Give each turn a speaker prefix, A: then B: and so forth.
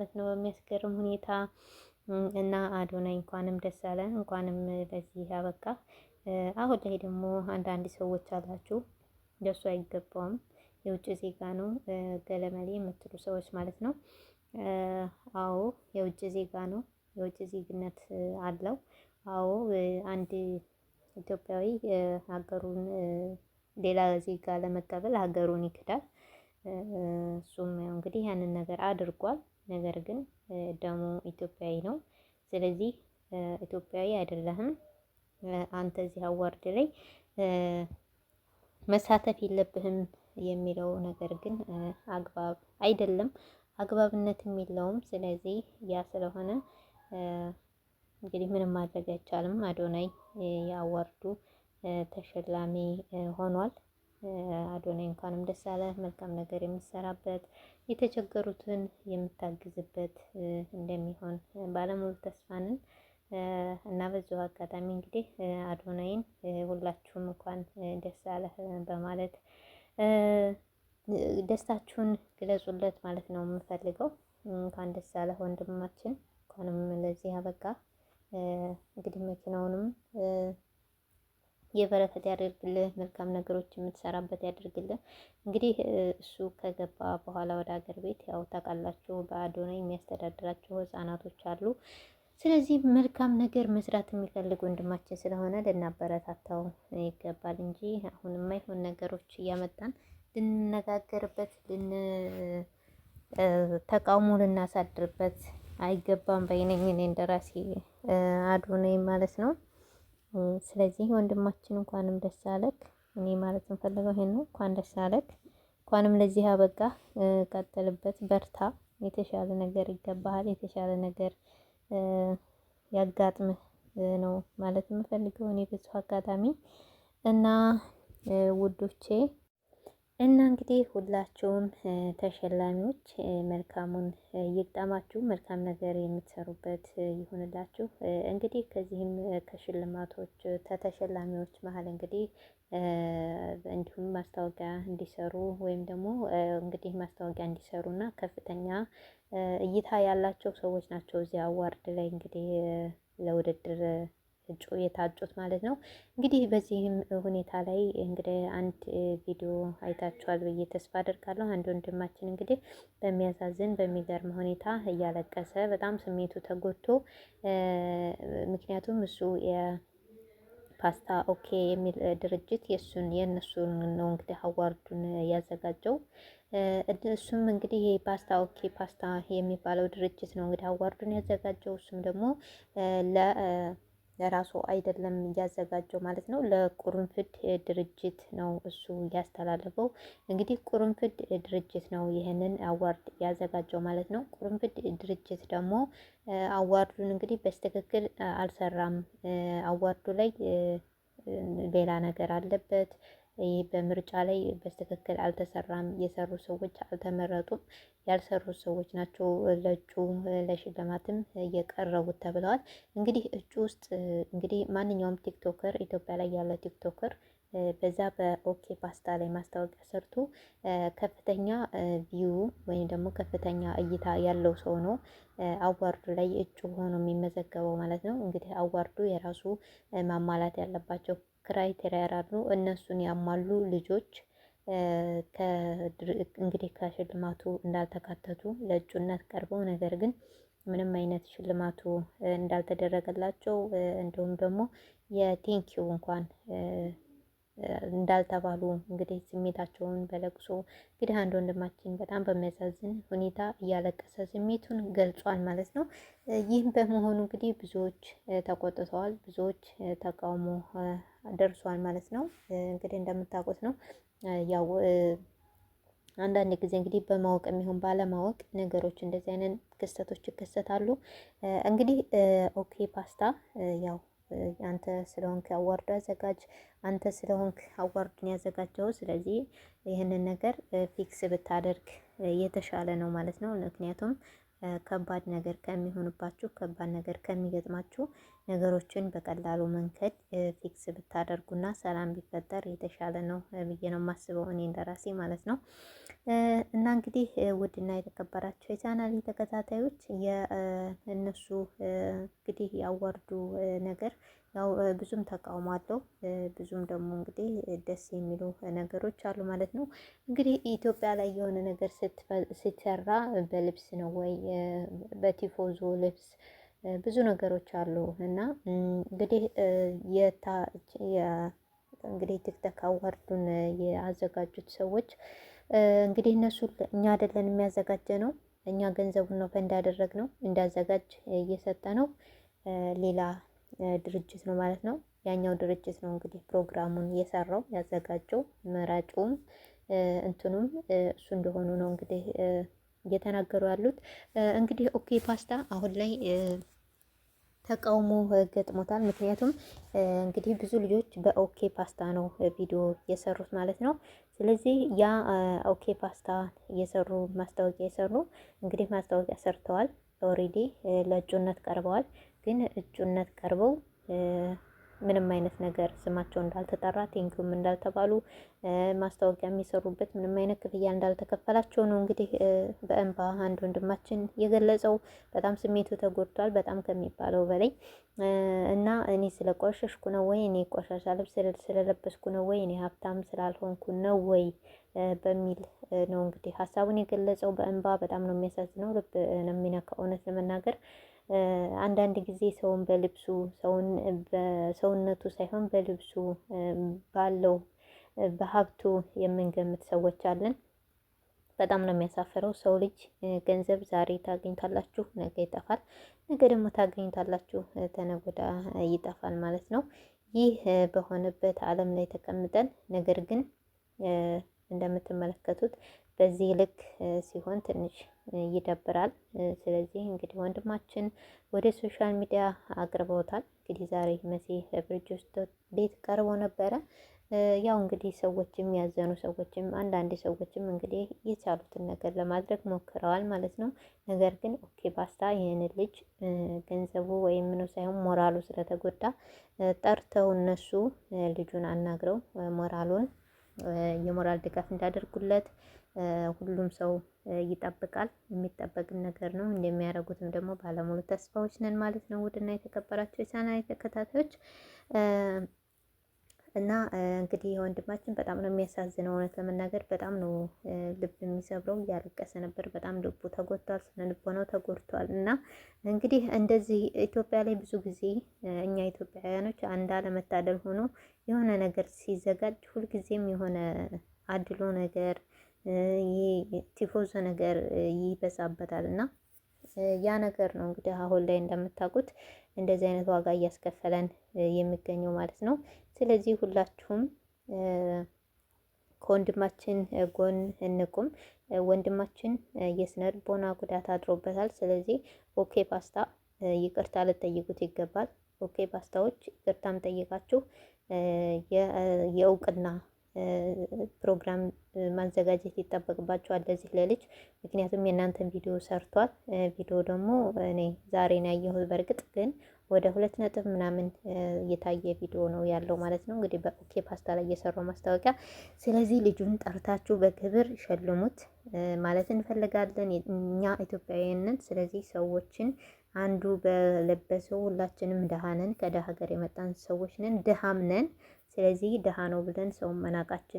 A: ማለት ነው በሚያስገርም ሁኔታ እና አዶናይ እንኳንም ደስ አለ እንኳንም ለዚህ ያበቃ። አሁን ላይ ደግሞ አንዳንድ ሰዎች አላችሁ ለሱ አይገባውም የውጭ ዜጋ ነው ገለመሌ የምትሉ ሰዎች ማለት ነው። አዎ የውጭ ዜጋ ነው፣ የውጭ ዜግነት አለው። አዎ አንድ ኢትዮጵያዊ ሀገሩን ሌላ ዜጋ ለመቀበል ሀገሩን ይክዳል። እሱም ያው እንግዲህ ያንን ነገር አድርጓል። ነገር ግን ደሞ ኢትዮጵያዊ ነው። ስለዚህ ኢትዮጵያዊ አይደለህም አንተ እዚህ አዋርድ ላይ መሳተፍ የለብህም የሚለው ነገር ግን አግባብ አይደለም፣ አግባብነትም የለውም። ስለዚህ ያ ስለሆነ እንግዲህ ምንም ማድረግ አይቻልም። አዶናይ የአዋርዱ ተሸላሚ ሆኗል። አዶኔ እንኳንም ደስ አለህ፣ መልካም ነገር የሚሰራበት የተቸገሩትን የምታግዝበት እንደሚሆን ባለሙሉ ተስፋንን እና በዚሁ አጋጣሚ እንግዲህ አዶናይን ሁላችሁም እንኳን ደስ አለህ በማለት ደስታችሁን ግለጹለት ማለት ነው የምፈልገው። እንኳን ደስ አለህ ወንድማችን፣ እንኳንም ለዚህ አበቃ። እንግዲህ መኪናውንም የበረከት ያደርግልህ፣ መልካም ነገሮች የምትሰራበት ያደርግልህ። እንግዲህ እሱ ከገባ በኋላ ወደ ሀገር ቤት ያው ታውቃላችሁ፣ በአዶናይ የሚያስተዳድራቸው ህጻናቶች አሉ። ስለዚህ መልካም ነገር መስራት የሚፈልግ ወንድማችን ስለሆነ ልናበረታታው ይገባል እንጂ አሁን የማይሆን ነገሮች እያመጣን ልንነጋገርበት፣ ተቃውሞ ልናሳድርበት አይገባም ባይነኝ እኔ እንደራሴ አዶናይ ማለት ነው። ስለዚህ ወንድማችን እንኳንም ደስ አለክ። እኔ ማለት እንፈልገው ይሄን ነው። እንኳን ደስ አለክ፣ እንኳንም ለዚህ አበቃ። ቀጥልበት፣ በርታ። የተሻለ ነገር ይገባሃል፣ የተሻለ ነገር ያጋጥምህ ነው ማለት የምፈልገው እኔ ብዙ አጋጣሚ እና ውዶቼ እና እንግዲህ ሁላችሁም ተሸላሚዎች መልካሙን ይግጠማችሁ፣ መልካም ነገር የምትሰሩበት ይሁንላችሁ። እንግዲህ ከዚህም ከሽልማቶች ከተሸላሚዎች መሀል እንግዲህ እንዲሁም ማስታወቂያ እንዲሰሩ ወይም ደግሞ እንግዲህ ማስታወቂያ እንዲሰሩ እና ከፍተኛ እይታ ያላቸው ሰዎች ናቸው እዚያ አዋርድ ላይ እንግዲህ ለውድድር የታጩት ማለት ነው። እንግዲህ በዚህም ሁኔታ ላይ እንግዲህ አንድ ቪዲዮ አይታችኋል ብዬ ተስፋ አደርጋለሁ። አንድ ወንድማችን እንግዲህ በሚያሳዝን በሚገርም ሁኔታ እያለቀሰ በጣም ስሜቱ ተጎድቶ ምክንያቱም እሱ ፓስታ ኦኬ የሚል ድርጅት የእሱን የእነሱን ነው እንግዲህ አዋርዱን ያዘጋጀው። እሱም እንግዲህ ፓስታ ኦኬ ፓስታ የሚባለው ድርጅት ነው እንግዲህ አዋርዱን ያዘጋጀው። እሱም ደግሞ ለ ለራሱ አይደለም እያዘጋጀው ማለት ነው። ለቁርንፍድ ድርጅት ነው እሱ ያስተላለፈው። እንግዲህ ቁርንፍድ ድርጅት ነው ይህንን አዋርድ ያዘጋጀው ማለት ነው። ቁርንፍድ ድርጅት ደግሞ አዋርዱን እንግዲህ በስትክክል አልሰራም። አዋርዱ ላይ ሌላ ነገር አለበት ይህ በምርጫ ላይ በትክክል አልተሰራም። የሰሩ ሰዎች አልተመረጡም። ያልሰሩ ሰዎች ናቸው ለእጩ ለሽልማትም እየቀረቡት ተብለዋል። እንግዲህ እጩ ውስጥ እንግዲህ ማንኛውም ቲክቶከር ኢትዮጵያ ላይ ያለ ቲክቶከር በዛ በኦኬ ፓስታ ላይ ማስታወቂያ ሰርቶ ከፍተኛ ቪው ወይም ደግሞ ከፍተኛ እይታ ያለው ሰው ነው አዋርዱ ላይ እጩ ሆኖ የሚመዘገበው ማለት ነው። እንግዲህ አዋርዱ የራሱ ማሟላት ያለባቸው ክራይቴሪያ ያሉ እነሱን ያሟሉ ልጆች እንግዲህ ከሽልማቱ እንዳልተካተቱ ለእጩነት ቀርበው ነገር ግን ምንም አይነት ሽልማቱ እንዳልተደረገላቸው እንዲሁም ደግሞ የቴንኪው እንኳን እንዳልተባሉ እንግዲህ ስሜታቸውን በለቅሶ እንግዲህ አንድ ወንድማችን በጣም በሚያሳዝን ሁኔታ እያለቀሰ ስሜቱን ገልጿል ማለት ነው። ይህም በመሆኑ እንግዲህ ብዙዎች ተቆጥተዋል፣ ብዙዎች ተቃውሞ ደርሷል ማለት ነው። እንግዲህ እንደምታውቁት ነው ያው አንዳንድ ጊዜ እንግዲህ በማወቅ የሚሆን ባለማወቅ ነገሮች እንደዚህ አይነት ክስተቶች ይከሰታሉ። እንግዲህ ኦኬ ፓስታ ያው አንተ ስለሆንክ አዋርዱ አዘጋጅ፣ አንተ ስለሆንክ አዋርዱን ያዘጋጀው። ስለዚህ ይህንን ነገር ፊክስ ብታደርግ የተሻለ ነው ማለት ነው ምክንያቱም ከባድ ነገር ከሚሆንባችሁ ከባድ ነገር ከሚገጥማችሁ ነገሮችን በቀላሉ መንገድ ፊክስ ብታደርጉና ሰላም ቢፈጠር የተሻለ ነው ብዬ ነው የማስበው፣ እኔ እንደራሴ ማለት ነው። እና እንግዲህ ውድና የተከበራቸው የቻናል ተከታታዮች የእነሱ እንግዲህ ያዋርዱ ነገር ያው ብዙም ተቃውሞ አለው። ብዙም ደግሞ እንግዲህ ደስ የሚሉ ነገሮች አሉ ማለት ነው። እንግዲህ ኢትዮጵያ ላይ የሆነ ነገር ሲሰራ በልብስ ነው ወይ በቲፎዞ ልብስ ብዙ ነገሮች አሉ እና እንግዲህ እንግዲህ ቲክቶክ አዋርዱን ሰዎች እንግዲህ እነሱ እኛ አይደለን የሚያዘጋጀ ነው እኛ ገንዘቡን ነው ፈንድ ነው እንዳዘጋጅ እየሰጠ ነው ሌላ ድርጅት ነው ማለት ነው። ያኛው ድርጅት ነው እንግዲህ ፕሮግራሙን የሰራው ያዘጋጀው፣ መራጩም እንትኑም እሱ እንደሆኑ ነው እንግዲህ እየተናገሩ ያሉት። እንግዲህ ኦኬ ፓስታ አሁን ላይ ተቃውሞ ገጥሞታል። ምክንያቱም እንግዲህ ብዙ ልጆች በኦኬ ፓስታ ነው ቪዲዮ የሰሩት ማለት ነው። ስለዚህ ያ ኦኬ ፓስታ የሰሩ ማስታወቂያ የሰሩ እንግዲህ ማስታወቂያ ሰርተዋል። ኦሬዲ ለእጩነት ቀርበዋል። ግን እጩነት ቀርበው ምንም አይነት ነገር ስማቸው እንዳልተጠራ ቴንኪውም እንዳልተባሉ ማስታወቂያ የሚሰሩበት ምንም አይነት ክፍያ እንዳልተከፈላቸው ነው እንግዲህ በእንባ አንድ ወንድማችን የገለጸው። በጣም ስሜቱ ተጎድቷል፣ በጣም ከሚባለው በላይ እና እኔ ስለቆሸሽኩ ነው ወይ እኔ ቆሻሻ ልብስ ስለለበስኩ ነው ወይ እኔ ሀብታም ስላልሆንኩ ነው ወይ በሚል ነው እንግዲህ ሀሳቡን የገለጸው በእንባ በጣም ነው የሚያሳዝነው። ልብ ነው የሚነካ እውነት ለመናገር አንዳንድ ጊዜ ሰውን በልብሱ ሰውን በሰውነቱ ሳይሆን በልብሱ ባለው በሀብቱ የምንገምት ሰዎች አለን። በጣም ነው የሚያሳፍረው። ሰው ልጅ ገንዘብ ዛሬ ታገኝታላችሁ፣ ነገ ይጠፋል። ነገ ደግሞ ታገኝታላችሁ፣ ተነጎዳ ይጠፋል ማለት ነው። ይህ በሆነበት ዓለም ላይ ተቀምጠን ነገር ግን እንደምትመለከቱት በዚህ ልክ ሲሆን ትንሽ ይደብራል። ስለዚህ እንግዲህ ወንድማችን ወደ ሶሻል ሚዲያ አቅርበውታል። እንግዲህ ዛሬ መሲ ውስጥ ቤት ቀርቦ ነበረ። ያው እንግዲህ ሰዎችም ያዘኑ ሰዎችም አንዳንድ ሰዎችም እንግዲህ የቻሉትን ነገር ለማድረግ ሞክረዋል ማለት ነው። ነገር ግን ኦኬ ባስታ ይህን ልጅ ገንዘቡ ወይም ምኑ ሳይሆን ሞራሉ ስለተጎዳ ጠርተው እነሱ ልጁን አናግረው ሞራሉን የሞራል ድጋፍ እንዳደርጉለት ሁሉም ሰው ይጠብቃል። የሚጠበቅ ነገር ነው። እንደሚያደርጉትም ደግሞ ባለሙሉ ተስፋዎች ነን ማለት ነው። ውድና የተከበራቸው የቻናል ተከታታዮች እና እንግዲህ ወንድማችን በጣም ነው የሚያሳዝነው። እውነት ለመናገር በጣም ነው ልብ የሚሰብረው። እያለቀሰ ነበር። በጣም ልቡ ተጎድቷል፣ ስነ ልቦናው ተጎድቷል። እና እንግዲህ እንደዚህ ኢትዮጵያ ላይ ብዙ ጊዜ እኛ ኢትዮጵያውያኖች አንድ አለመታደል ሆኖ የሆነ ነገር ሲዘጋጅ ሁልጊዜም የሆነ አድሎ ነገር ቲፎዞ ነገር ይበዛበታል እና ያ ነገር ነው እንግዲህ አሁን ላይ እንደምታውቁት እንደዚህ አይነት ዋጋ እያስከፈለን የሚገኘው ማለት ነው። ስለዚህ ሁላችሁም ከወንድማችን ጎን እንቁም። ወንድማችን የስነ ልቦና ጉዳት አድሮበታል። ስለዚህ ኦኬ ፓስታ ይቅርታ ልጠይቁት ይገባል። ኦኬ ፓስታዎች ይቅርታም ጠይቃችሁ የእውቅና ፕሮግራም ማዘጋጀት ይጠበቅባቸዋል ለዚህ ለልጅ። ምክንያቱም የእናንተን ቪዲዮ ሰርቷል። ቪዲዮ ደግሞ እኔ ዛሬ ነው ያየሁት። በእርግጥ ግን ወደ ሁለት ነጥብ ምናምን የታየ ቪዲዮ ነው ያለው ማለት ነው። እንግዲህ በኦኬ ፓስታ ላይ እየሰራው ማስታወቂያ። ስለዚህ ልጁን ጠርታችሁ በክብር ሸልሙት ማለት እንፈልጋለን። እኛ ኢትዮጵያውያንን ስለዚህ ሰዎችን አንዱ በለበሰው ሁላችንም ድሃ ነን። ከድሃ ሀገር የመጣን ሰዎች ነን፣ ድሃም ነን። ስለዚህ ድሃ ነው ብለን ሰውን መናቃችንን